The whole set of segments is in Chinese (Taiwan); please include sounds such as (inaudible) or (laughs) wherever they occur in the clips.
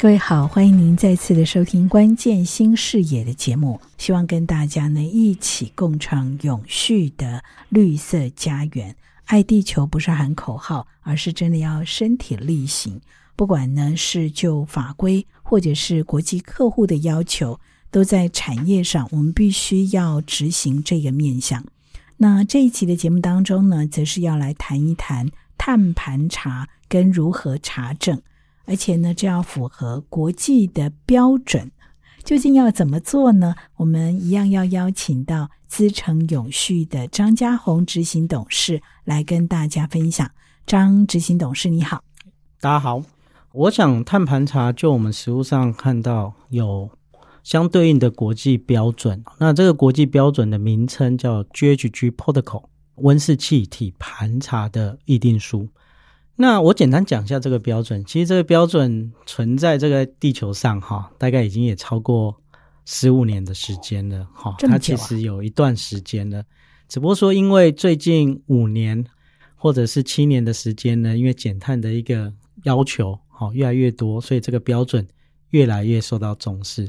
各位好，歡迎您再次的收聽《關鍵新視野》的節目。希望跟大家能一起共創永續的綠色家園。愛地球不是喊口號，而是真的要身體力行。不管呢是就法規，或者是國際客戶的要求，都在產業上，我們必須要執行這個面向。那這一期的節目當中呢，則是要來談一談碳盤查跟如何查證。而且呢，這要符合國際的標準。究竟要怎麼做呢？我們一樣要邀請到資誠永續的張家宏執行董事來跟大家分享。張執行董事，你好。大家好。我想碳盤查，就我們實務上看到有相對應的國際標準。那這個國際標準的名稱叫 GHG Protocol 溫室氣體盤查的議定書。那我簡單講一下這個標準。其實這個標準存在這個地球上哈，大概已經也超過十五年的時間了哈。這麼久啊。它其實有一段時間了，只不過說因為最近五年或者是七年的時間呢，因為減碳的一個要求哈，越來越多，所以這個標準越來越受到重視。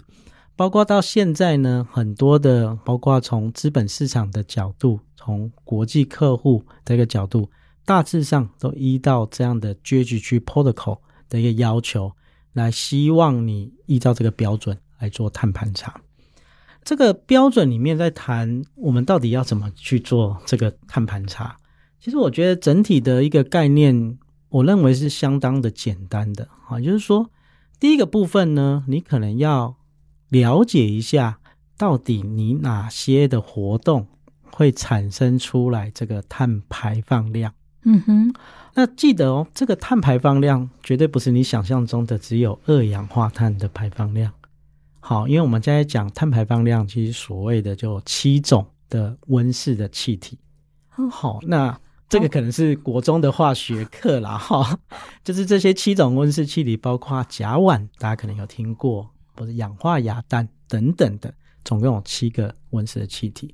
包括到現在呢，很多的包括從資本市場的角度，從國際客戶的一個角度。大致上都依照這樣的《GHG Protocol》的一個要求，來希望你依照這個標準來做碳盤查。這個標準裡面在談我們到底要怎麼去做這個碳盤查。其實我覺得整體的一個概念，我認為是相當的簡單的啊，就是說第一個部分呢，你可能要了解一下到底你哪些的活動會產生出來這個碳排放量，嗯哼，那記得哦，這個碳排放量絕對不是你想象中的只有二氧化碳的排放量。好，因為我們現在講碳排放量，其實所謂的就七種的溫室的氣體。好，那這個可能是國中的化學課啦。哈、哦。 (laughs) 就是這些七種溫室氣體包括甲烷，大家可能有聽過，或者氧化亞氮等等的，總共有七個溫室的氣體。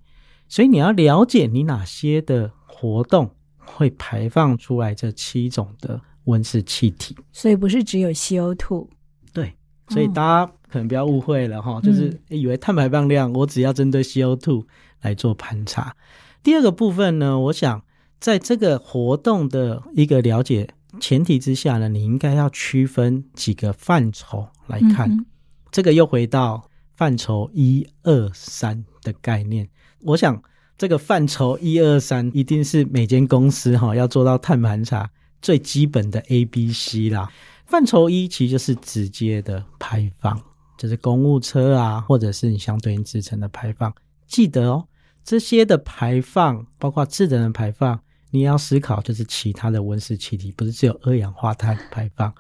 所以你要了解你哪些的活動。會排放出來這七種的溫室氣體，所以不是只有 CO2。對，所以大家可能不要誤會了哈、哦，就是以為碳排放量我只要針對 CO2 來做盤查，嗯。第二個部分呢，我想在這個活動的一個了解前提之下呢，你應該要區分幾個範疇來看。嗯嗯，這個又回到範疇一二三的概念，我想。這個範疇一二三一定是每間公司哈、哦、要做到碳盤查最基本的 A B C 啦。範疇一其實就是直接的排放，就是公務車啊，或者是你相對應製程的排放。記得哦，這些的排放包括製程的排放，你要思考就是其他的溫室氣體，不是只有二氧化碳排放。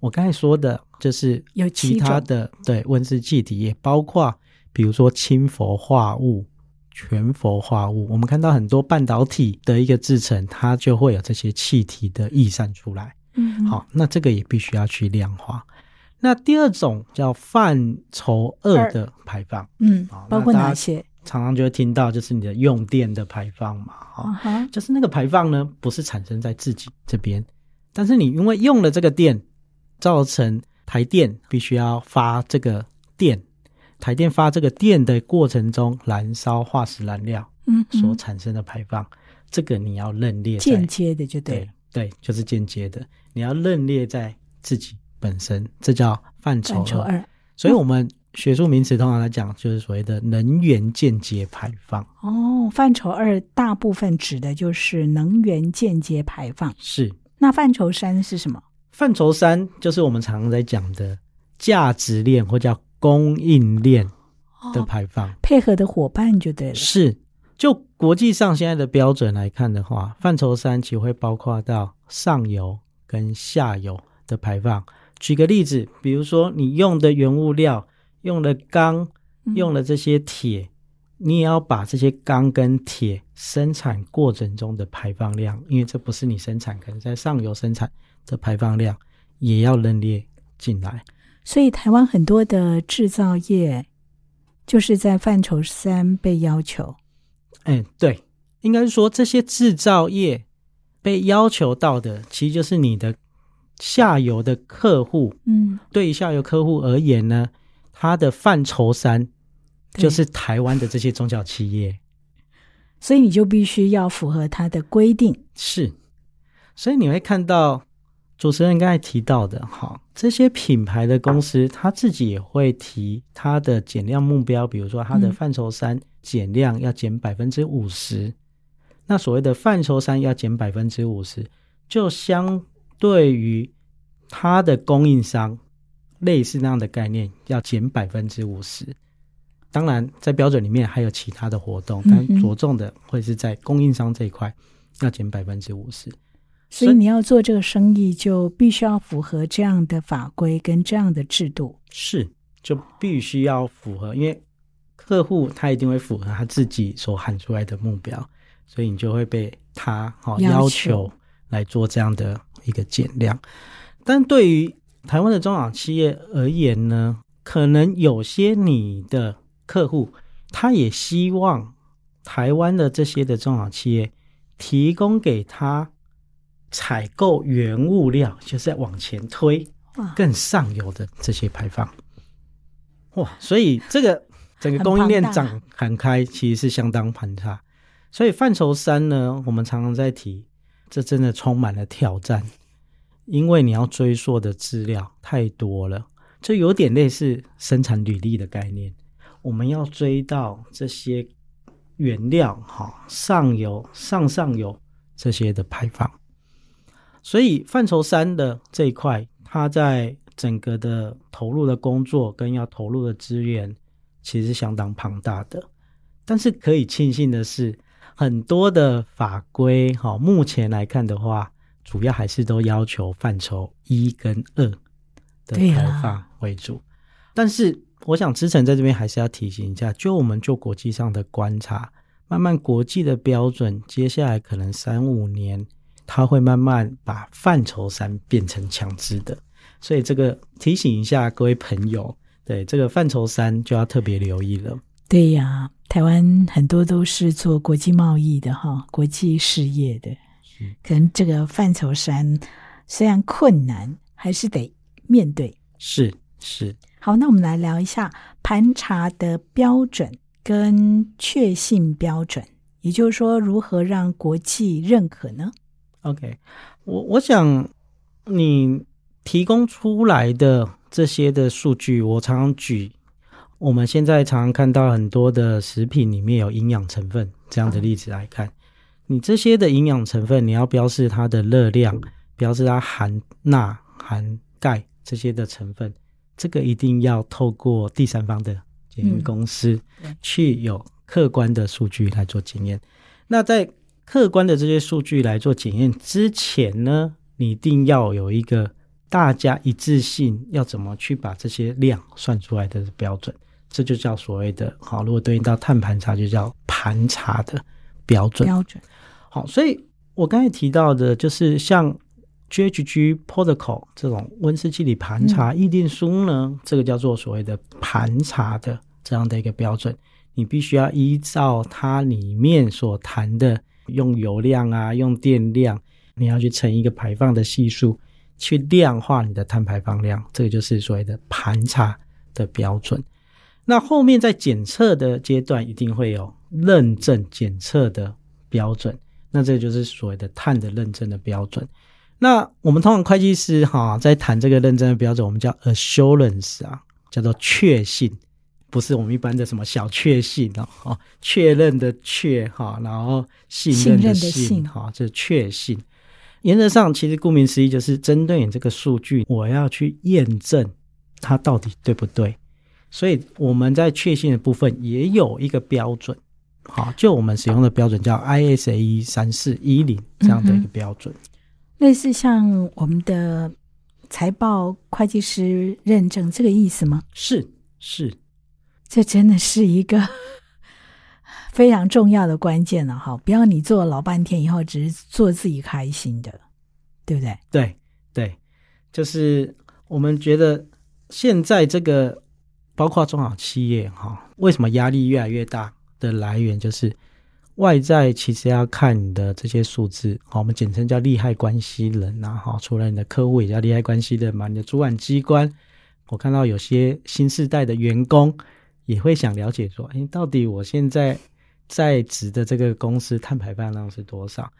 我剛才說的就是有其他的對溫室氣體，也包括比如說氫氟化物。全氟化物，我們看到很多半導體的一個製程，它就會有這些氣體的逸散出來。嗯，好，那這個也必須要去量化。那第二種叫範疇二的排放，嗯、哦，包括哪些？常常就會聽到，就是你的用電的排放嘛，哈、哦 uh -huh，就是那個排放呢，不是產生在自己這邊，但是你因為用了這個電，造成台電必須要發這個電。台電發這個電的過程中，燃燒化石燃料，嗯，所產生的排放，嗯嗯，這個你要認列在間接的，就對了對，對，就是間接的，你要認列在自己本身，這叫範疇，範疇二。所以，我們學術名詞通常來講，就是所謂的能源間接排放。哦，範疇二大部分指的就是能源間接排放。是。那範疇三是什麼？範疇三就是我們常常在講的價值鏈，或叫。供應鏈的排放。哦，配合的夥伴就對了。是，就國際上現在的標準來看的話，範疇三其實會包括到上游跟下游的排放。舉個例子，比如說你用的原物料，用了鋼，用了這些鐵，嗯、你也要把這些鋼跟鐵生產過程中的排放量，因為這不是你生產，可能在上游生產的排放量，也要認列進來。所以台灣很多的製造業，就是在範疇三被要求。嗯、欸，對，應該說這些製造業被要求到的，其實就是你的下游的客戶。嗯，對，下游客戶而言呢，他的範疇三就是台灣的這些中小企業。所以你就必須要符合他的規定。是，所以你會看到。主持人剛才提到的，哈，這些品牌的公司，他自己也會提他的減量目標，比如說他的範疇三減量要減百分之五十。那所謂的範疇三要減百分之五十，就相對於它的供應商類似那樣的概念要減百分之五十。當然，在標準裡面還有其他的活動，但着重的會是在供應商這一塊要減百分之五十。所以你要做這個生意，就必須要符合這樣的法規跟這樣的制度。是，就必須要符合，因為客戶他一定會符合他自己所喊出來的目標，所以你就會被他要求來做這樣的一個減量。但對於台灣的中小企業而言呢，可能有些你的客戶他也希望台灣的這些的中小企業提供給他。採購原物料就是在往前推，更上游的這些排放，哇！所以這個整個供應鏈展開，其實是相當龐大。所以範疇三呢，我們常常在提，這真的充滿了挑戰，因為你要追溯的資料太多了，就有點類似生產履歷的概念。我們要追到這些原料哈上游、上上游這些的排放。所以範疇三的這一塊，它在整個的投入的工作跟要投入的資源，其實相當龐大的。但是可以慶幸的是，很多的法規哈，目前來看的話，主要還是都要求範疇一跟二的開發為主。啊、但是，我想資誠在這邊還是要提醒一下，就我們做國際上的觀察，慢慢國際的標準，接下來可能三五年。他會慢慢把範疇三變成強制的，所以這個提醒一下各位朋友，對，這個範疇三就要特別留意了。對呀，台灣很多都是做國際貿易的哈，國際事業的，可能這個範疇三雖然困難，還是得面對。是是，好，那我們來聊一下盤查的標準跟確信標準，也就是說如何讓國際認可呢？OK，我我想你提供出來的這些的數據，我常常舉我們現在常常看到很多的食品裡面有營養成分這樣的例子來看，啊、你這些的營養成分，你要標示它的熱量，標示它含鈉、含鈣這些的成分，這個一定要透過第三方的檢驗公司去有客觀的數據來做檢驗，嗯。那在客觀的這些數據來做檢驗之前呢，你一定要有一個大家一致性要怎麼去把這些量算出來的標準，這就叫所謂的，好，如果對應到碳盤查，就叫盤查的標準。標準。好，所以我剛才提到的，就是像 GHG Protocol 這種溫室氣體盤查議定書呢，嗯，這個叫做所謂的盤查的這樣的一個標準，你必須要依照它裡面所談的。用油量啊，用電量，你要去乘一個排放的係數，去量化你的碳排放量，這個就是所謂的盤查的標準。那後面在檢測的階段，一定會有認證檢測的標準，那這個就是所謂的碳的認證的標準。那我們通常會計師哈、啊，在談這個認證的標準，我們叫 assurance 啊，叫做確信。不是我們一般的什麼小確信哦，確認的確哈，然後信任的信哈，這確信、就是、確信。原則上其實顧名思義就是針對你這個數據，我要去驗證它到底對不對。所以我們在確信的部分也有一個標準，好，就我們使用的標準叫 I S A E 三四一零這樣的一個標準，嗯、類似像我們的財報會計師認證，這個意思嗎？是是。這真的是一個非常重要的關鍵了、啊、哈！不要你做了老半天以後，只是做自己開心的，對不對？對對，就是我們覺得現在這個包括中小企業哈、哦，為什麼壓力越來越大的來源，就是外在其實要看你的這些數字、哦、我們簡稱叫利害關係人吶、啊、哈，除、哦、了你的客戶，也叫利害關係人嘛。你的主管機關，我看到有些新世代的員工。也會想了解說，哎，到底我現在在職的這個公司碳排放量是多少？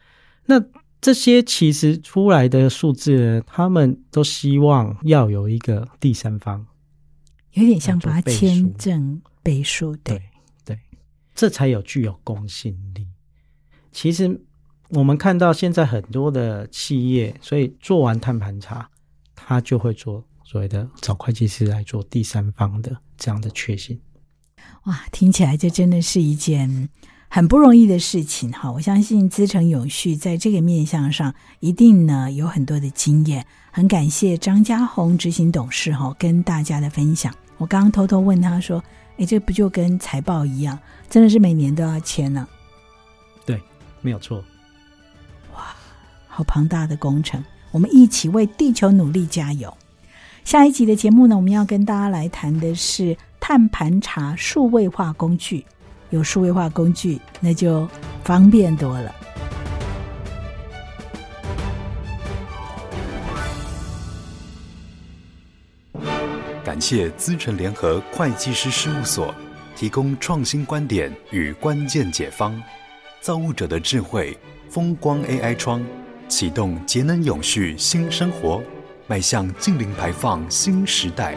那這些其實出來的數字呢，他們都希望要有一個第三方，有點像把簽證背書，對對，對，這才有具有公信力。其實我們看到現在很多的企業，所以做完碳盤查，他就會做所謂的找會計師來做第三方的這樣的確信。哇，聽起來這真的是一件很不容易的事情哈！我相信資誠永續，在這個面向上一定呢有很多的經驗。很感謝張嘉宏執行董事哈，跟大家的分享。我剛剛偷偷問他說：“哎，這不就跟財報一樣，真的是每年都要簽了啊？”對，沒有錯。哇，好龐大的工程！我們一起為地球努力加油。下一集的節目呢，我們要跟大家來談的是。碳盤查數位化工具，有數位化工具，那就方便多了。感謝資誠聯合會計師事務所提供創新觀點與關鍵解方，造物者的智慧，風光 AI 窗，啟動節能永續新生活，邁向淨零排放新時代。